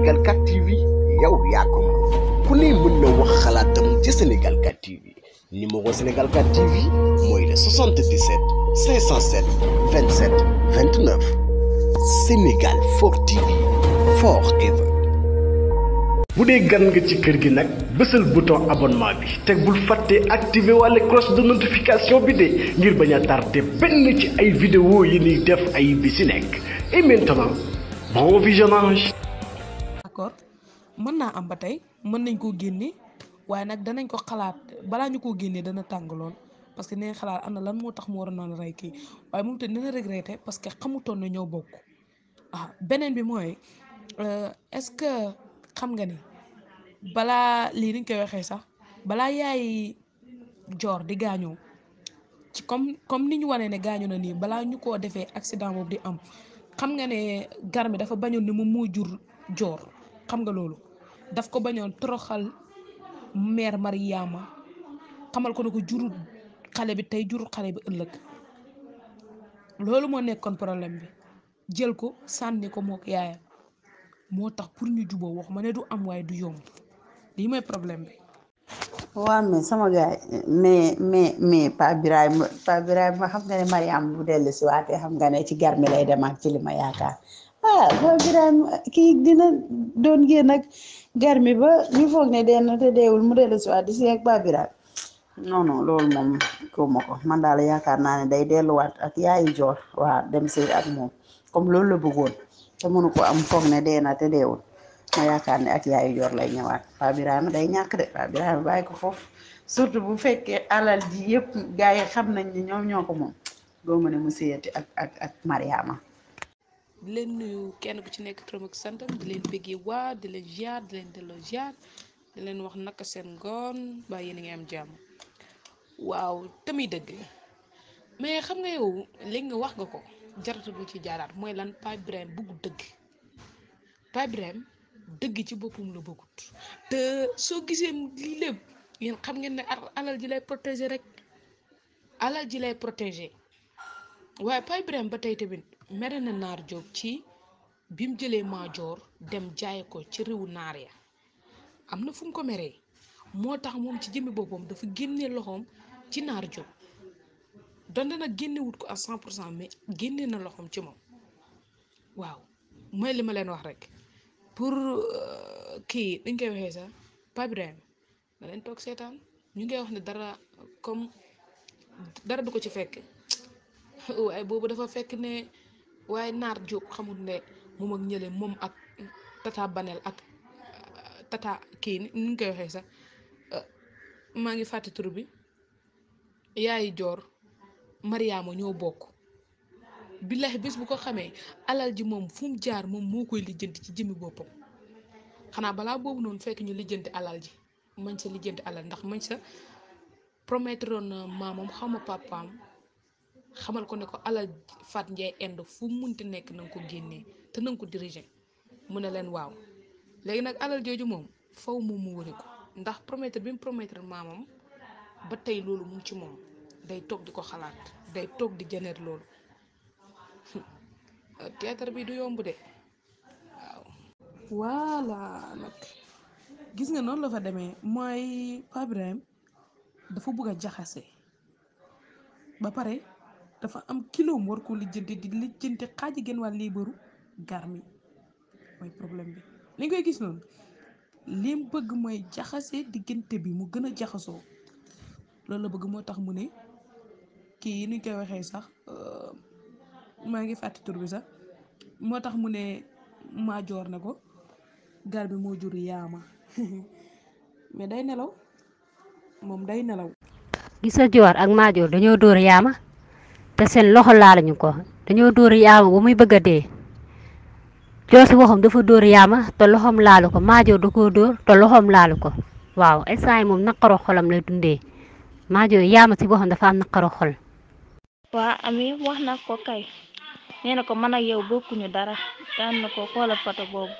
Sénégal 4 TV yow yaa ko ku ne mën na wax xalaatam ci Sénégal 4 TV numéro Sénégal 4 TV moy le 77 507 27 29 Sénégal 4 TV forever. Vous voulez gan nga ci kër gi nag bouton abonnement bi te bul fàtte la cloche de notification bi ne ngir bañ tardé benn ci ay vidéo yi ni def ay et maintenant bon visionnage. d'accord mën na am ba tey mën nañ koo génne waaye nag danañ ko xalaat balaa ñu ko génne dana tàng lool parce que nee xalaat ana lan moo tax mu waroon a rey kii waaye moom tamit dina regretter parce que xamutoon na ñoo bokk ah beneen bi mooy euh, est-ce que xam nga ni balaa lii niñ koy waxee sax balaa yaay joor di gaañoo ci comme comme ni ñu wanee ne gaañu na nii balaa ñu koo defee accident boobu di am xam nga ne gar dafa bañoon ni mu moo jur joor xam nga loolu daf ko bañoon troxal mère Mariama xamal ko ne ko jurul xale bi tey jurul xale bi ëllëg loolu moo nekkoon problème bi jël ko sànni ko mook yaayam moo tax pour ñu juboo wax ma ne du am waaye du yom lii may problème bi. waaw mais sama gars mais mais mais Pa Birahim Pa Birahim ma xam nga ne Mariam bu dellu si waatee xam nga ne ci garmi lay dem ak ci li ma yaakaar. ah xew gi kii dina doon génn ak garmi ba ñu foog ne dee na te deewul mu dellu si waat di si ak baabi daal non non loolu moom ko ma man daal yaakaar naa ne day delluwaat ak yaayu joor waa dem si ak moom comme loolu la bëggoon te mënu ko am foog ne dee na te deewul ma yaakaar ne ak yaayu joor lay ñëwaat babiraama day ñàkk de babiraama bàyyi ko foofu surtout bu fekkee alal ji yëpp gars yi xam nañ ne ñoom ñooko ko moom doo ma ne mu séyati ak ak ak mariama di leen nuyu kenn ku ci nekk turam ak santam di leen bëggee waa di leen ziar di leen delloo ziar di leen wax naka seen ngoon mbaa yéen a ngi am jàmm waaw tamit dëgg mais xam nga yow léegi nga wax nga ko jaratul ci jaaraat mooy lan Pape Birahim bëggu dëgg Pape Birahim dëgg ci boppam la bëggut te soo gisee lii lépp yéen xam ngeen ne alal ji lay protéger rek alal ji lay protéger waaye Pape Birahim ba tey tamit. mere na naar Jóob ci bim jëlee maajoor dem jaay ko ci réewu naar ya am na fum mu ko meree moo tax moom ci jëmmi boppam dafa génne loxoom ci naar Jóob donte nag génne wut ko à 100 pour cent mais génne na loxoom ci moom waaw mooy li ma leen wax rek pour euh, kii dañ koy waxee sax Pape Ibrahima na leen toog seetaan ñu ngay wax ne dara comme dara du ko ci fekk waaye boobu dafa fekk ne. waaye naar Diop xamul ne moom ak ñële moom ak tata baneel ak euh, tata kii ni ñu koy waxee sax euh, maa ngi fàtte tur bi yaayi joor mariama ñoo bokk billahi bis bu ko xamee alal ji moom fu jaar moom moo koy lijjanti ci jëmmi boppam xanaa balaa boobu noonu fekk ñu lijjanti alal ji mañ sa lijjanti alal ndax mañ sa promettre na maamam xawma papaam xamal ko ne ko alal fat ngay end fu munti nek nang ko genné te nang ko diriger mu ne leen waaw léegi nag alal joju mom faw mom mu wëri ko ndax prometteur bi prometteur mamam ba tay lolu mu ci mom day tok di ko day tok di jener lolu euh, théâtre bi du yombu de waaw wala nag gis nga non la fa demee moy Pape Ibrahim dafa bëgga jaxassé ba pare dafa am kilo mu war koo lijjanti di lijjanti xaaji genn wàll liibaru garmi mooy problème bi li nga gis noonu li bëgg mooy jaxase diggante bi mu gën a jaxasoo loolu la bëgg moo tax mu ne kii yi koy waxee sax euh, maa ngi fàtte tur bi sax moo tax mu ne maa joor ko gar bi moo jur yaama mais day nelaw moom day nelaw gis nga joor ak maajoor dañoo dóor yaama te seen loxo laaluñu ko dañoo dóor yaama ba muy bëgg a dee joo si waxam dafa dóor yaama te loxoom laalu ko maajoor da koo dóor te laalu ko waaw instant yi moom naqaro xolam lay dundee maajoor yaama si waxam dafa am naqaro xol. waa ami na ko kay na ko man ak yow bokkuñu dara daan na ko xoola photo boobu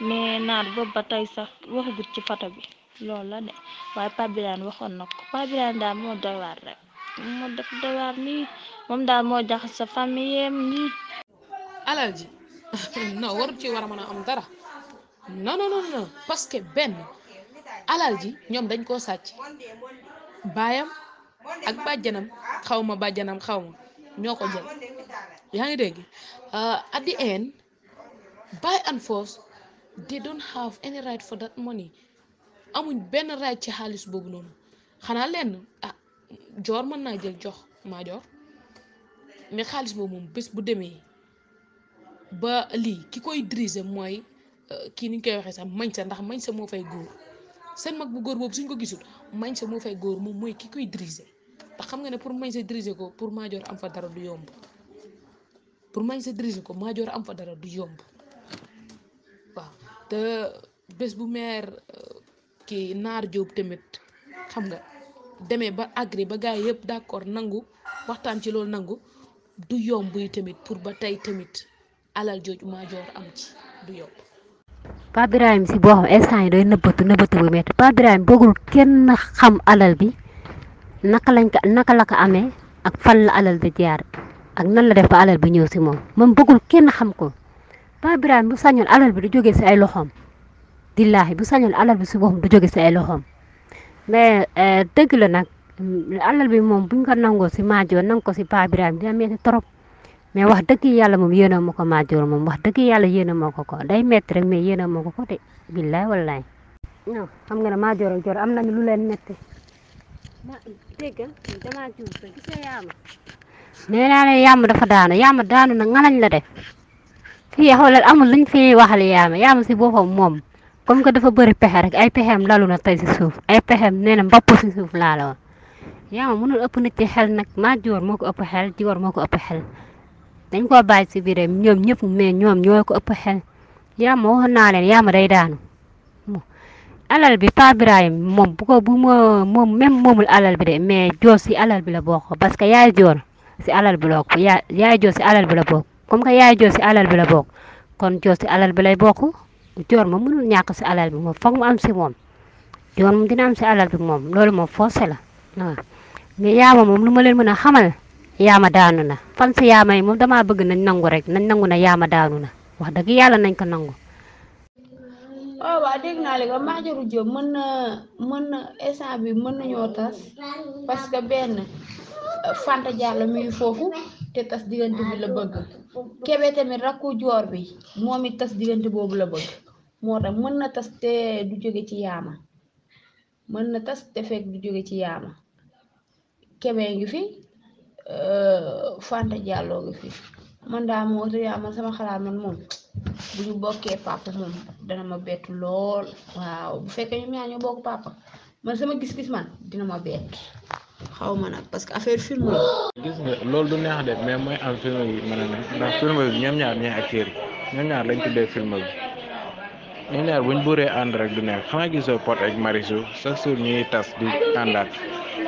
mais naar boobu ba tay sax waxagut ci photo bi loolu la de waaye Pape waxoon na ko daal moo doy rek moom daal moo jaxase sa famille am nii. alal ji non waru ci war a mën a am dara non non non parce que benn alal ji ñoom dañ koo sàcc baayam ak bàjjanam xaw ma bàjjanam xaw ma ñoo ko jël yaa ngi dégg uh, at the end by and force they don't have any right for that money amuñ benn right ci xaalis boobu noonu xanaa lenn ah joor mën naa jël jox maa joor mais xaalis boobu moom bés bu demee ba lii ki koy diriger mooy euh, kii ni koy waxee sax mañ sa ndax mañ sa moo fay góor seen mag bu góor boobu suñ ko gisul mañ sa moo fay góor moom mooy ki koy diriger ndax xam nga ne pour mañ sa diriger ko pour maajoor am fa dara du yomb pour mañ sa diriger ko maajoor am fa dara du yomb waaw te bés bu meer euh, ki naar jóob tamit xam nga demee ba agri ba gars yëpp d'accord nangu waxtaan ci loolu nangu du yomb yi tamit pour ba tey tamit alal jooju Madior am ci du yomb. Pape Birahim si boo xam instant yi doy nëbbatu nëbbatu bu métti Pape Birahim bëggul kenn xam alal bi naka lañ ko la ko amee ak fan la alal bi jaar ak nan la def ba alal bi ñëw si moom moom bëggul kenn xam ko Pape Birahim bu sañoon alal bi du joge si ay loxoom dillaahi bu sañoon alal bi si boppam du jógee si ay loxoom mais euh, dëgg la nag. alal bi moom buñ ko nangoo si maajoor nang ko si Pa Birahim dina metti trop mais wax dëgg yàlla moom yéen a ma ko maajoor moom wax dëgg yàlla yéen a ma ko ko day metti rek mais yéen a ko ko de billaay wallaay non xam nga ne maajoor ak joor am nañu lu leen metti dégg nga dafa daanu yaama daanu na ngalañ la def ya xoolal amul luñ fi waxal yaama yaama si boppam moom comme que dafa bëri pexe rek ay pexeem lalu na tey si suuf ay pexeem nee na mbapp si suuf laa woon yaa ma mënul ëpp nit ci xel nag maa joor moo ko ëpp xel joor moo ko ëpp xel dañ koo bàyyi si biiram ñoom ñëpp mais ñoom ñoo ko ëpp xel yaa ma waxoon naa leen yaa ma day daanu alal bi Pa Birahim moom bu ko bu ma moom même moomul alal bi de mais joor si alal bi la bokk parce que yaay joor si alal bi la ko yaa yaay joor si alal bi la bokk comme que yaay joor si alal bi la bokk kon joor si alal bi lay bokk joor moom mënul ñàkk si alal bi moom foog mu am si moom joor mu dina am si alal moom loolu moom forcé la mais yaama moom lu ma leen mën a xamal yaama daanu na fan si yaama yi moom dama bëgg nañ nangu rek nañ nangu na yaama daanu na wax dëgg yàlla nañ ko nangu. waaw oh, waaw dégg naa léegi Madior Diop mën na mën na instant bi mën nañoo parce que benn Fanta Diallo mi ngi foofu te tas diggante bi bëgg Kébé tamit rakku joor bi moom it tas diggante boobu la bëgg moo tax mën na tas te du jóge ci yaama mën na tas te fekk du jóge ci yaama. Kébé ngi fi euh, Fanta jàlloo ngi fi man daa moo yaa ah, man sama xalaat man moom bu ñu bokkee papa moom dana ma bett lool waaw bu fekkee ñoom ñaar ñoo bokk papa man sama gis-gis man dina ma bett xaw ma nag parce que affaire film la. gis nga loolu du neex de mais mooy am film ma mën ne ndax film bi ñoom ñaar ñooy acteurs yi ñaar lañ tuddee film bi. ñoom ñaar buñ buuree ànd rek du neex xanaa gisoo Pod ak Marichou chaque jour ñuy tas di àndaat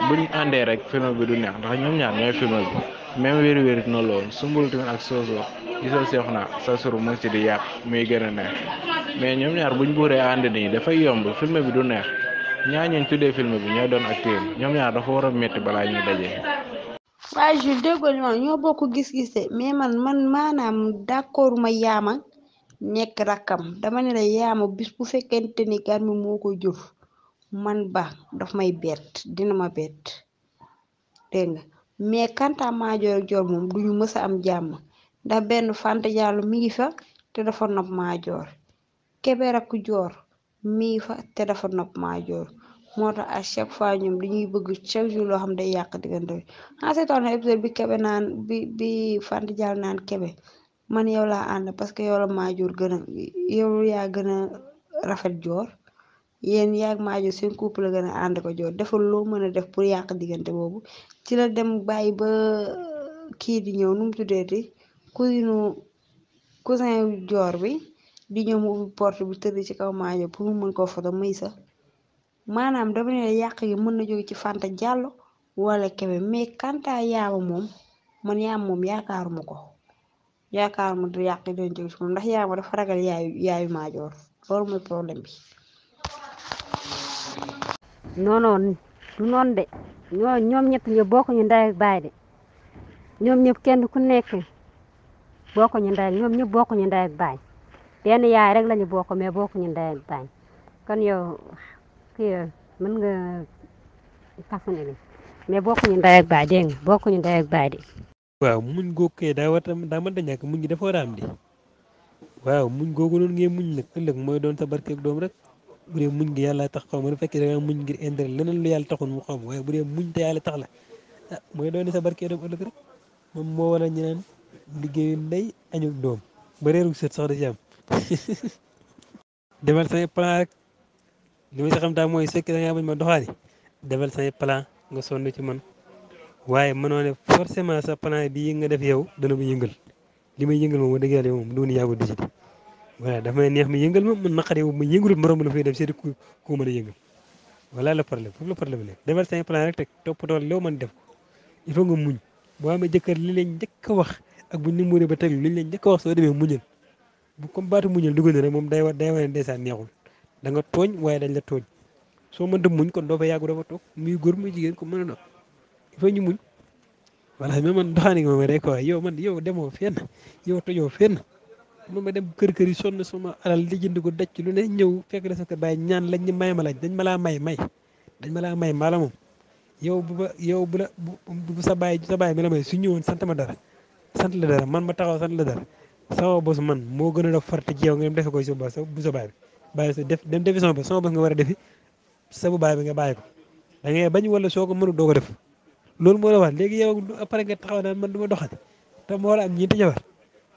bu ñu àndee rek film bi du neex ndax ñoom ñaar ñooy film bi même wéri wéri dina loolu sumbul tamit ak soosoo gisal seex naa sa suru mu ci di yàq muy gën a neex mais ñoom ñaar buñ buuree ànd nii dafay yomb film bi du neex ñaa ñeen tuddee film bi ñoo doon acteur ñoom ñaar dafa war a métti balaa ñuy dajee waaye Jules déggoo li ma ñoo bokk gis-gis mais man man maanaam d'accord ma yaama nekk rakkam dama ne la yaama bis bu fekkente ni gan mi moo ko man ba daf may bet dina ma bett dégg nga mais kanta maajoor ak joor moom duñu mës a am jàmm ndax benn fanta jàllu mi ngi fa te dafa nopp maajoor kebeer ak joor mi ngi fa te dafa nopp maajoor moo tax à chaque fois ñoom ñuy bëgg chaque jour loo xam day yàq diggante bi en bi kebe naan bi bi fanta jàll naan kebe man yow la ànd parce que yow la maajoor gën a yow yaa gën a rafet joor yéen yaag Maajo seen couple la gën a ànd ko joor defal loo mën a def pour yàq diggante boobu ci la dem bàyyi ba uh, kii di ñëw nu mu ti cousinu cousin joor bi di ñëw mu ubbi porte bi tëdd ci kaw Maajo pour mu mën koo foto muy sa maanaam dama yàq yi mën na jóge ci Fanta Diallo wala Kébé mais kanta moom man yaam moom yaakaaruma ko yaakaaruma du yàq yi doon jóge ndax yaama dafa ragal yaayu yaayu Maajoor loolu mooy problème bi non non de ñoo ñoom ñett ñëpp bokkuñu ndey ak de ñoom ñëpp kenn ku nekk bokkuñu ndey ñoom ñëpp bokkuñu ndey ak baay benn yaay rek lañu bokk mais bokkuñu ndey ak baay kon yow kii mën nga façonné li mais bokkuñu ndey ak baay dégg nga bokkuñu ndey ak baay de. waaw muñ googu kay daa war daa mënta ñàkk muñ gi dafa war a am di waaw mooy doon sa barkeeg doom rek. bu dee muñ gi yàlla tax xaw ma bu fekkee muñ ngir intérêt leneen lu yàlla taxul mu xaw ma waaye bu dee muñ te yàlla tax la ah mooy doon sa barke doom ëllëg rek moom moo wane ñu liggéey liggéeyu ndey añuk doom ba réeru sët sax da ci am sa say plan rek li ma si xam daal mooy sekk bañ ma doxaani defal say plan nga sonn ci man waaye mënoo ne forcément sa plan bii nga def yow dana bu yëngal li may yëngal moom ma dëgg yàlla moom du woon yaa ko voilà dafa may neex ma yëngal ma man naqare ma yëngalut morom ma la fay dem seeti ku a yëngal voilà le problème foofu le problème nekk defal say plan rek teg toppatoo loo mën def ko il faut nga muñ boo amee jëkkër li leen njëkk a wax ak buñ ni muuree ba teg li leen njëkk wax soo demee muñal bu comme baatu muñal dugg na rek moom day wa day wane ndeysaan neexul da nga tooñ waaye dañ la tooñ soo mënta muñ kon doo fa yàggu dafa toog muy góor muy jigéen ko mën a doon il faut ñu muñ voilà mais man doxaani nga ma rek waaye yow man yow demoo fenn yow tojoo fenn nu ma dem kër kër yi sonn sama alal di jënd ko daj lu ne ñëw fekk na sa kër bàyyi ñaan lañ ni may ma laaj dañ ma laa may may dañ ma laa may mala mom yow bu ba yow bu la bu sa bay sa bay mi la may su ñëwoon sant ma dara sant la dara man ma taxaw sant la dara sama boss man mo gëna a def farte ci yow ngeen def ko ci ba sa bu sa bay bay sa def dem def sama boss sama boss nga wara a defi sa bu bay bi nga bay ko da ngay bañ wala soko mënu do ko def lool mo la wax legi yow après nga taxaw na man duma doxati te mo la am ñi ñeenti jabar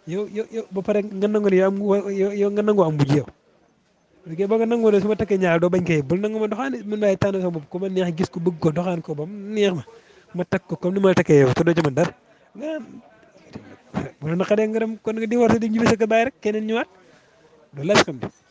yow yow yow ba pare nga nangu ne yow am yow nga nangoo am mujj yow parce ba nga nangoo ne su ma takkee ñaar doo bañ koy bul nangu ma doxaan man waaye tànn sa bopp ku ma neex gis ko bëgg ko doxaan ko ba mu neex ma ma takk ko comme ni ma la takkee yow te doo ci mën dara nga bu la naqaree nga kon nga di war sa di ñibbi sa kër bàyyi rek keneen ñëwaat loolu laa xam ne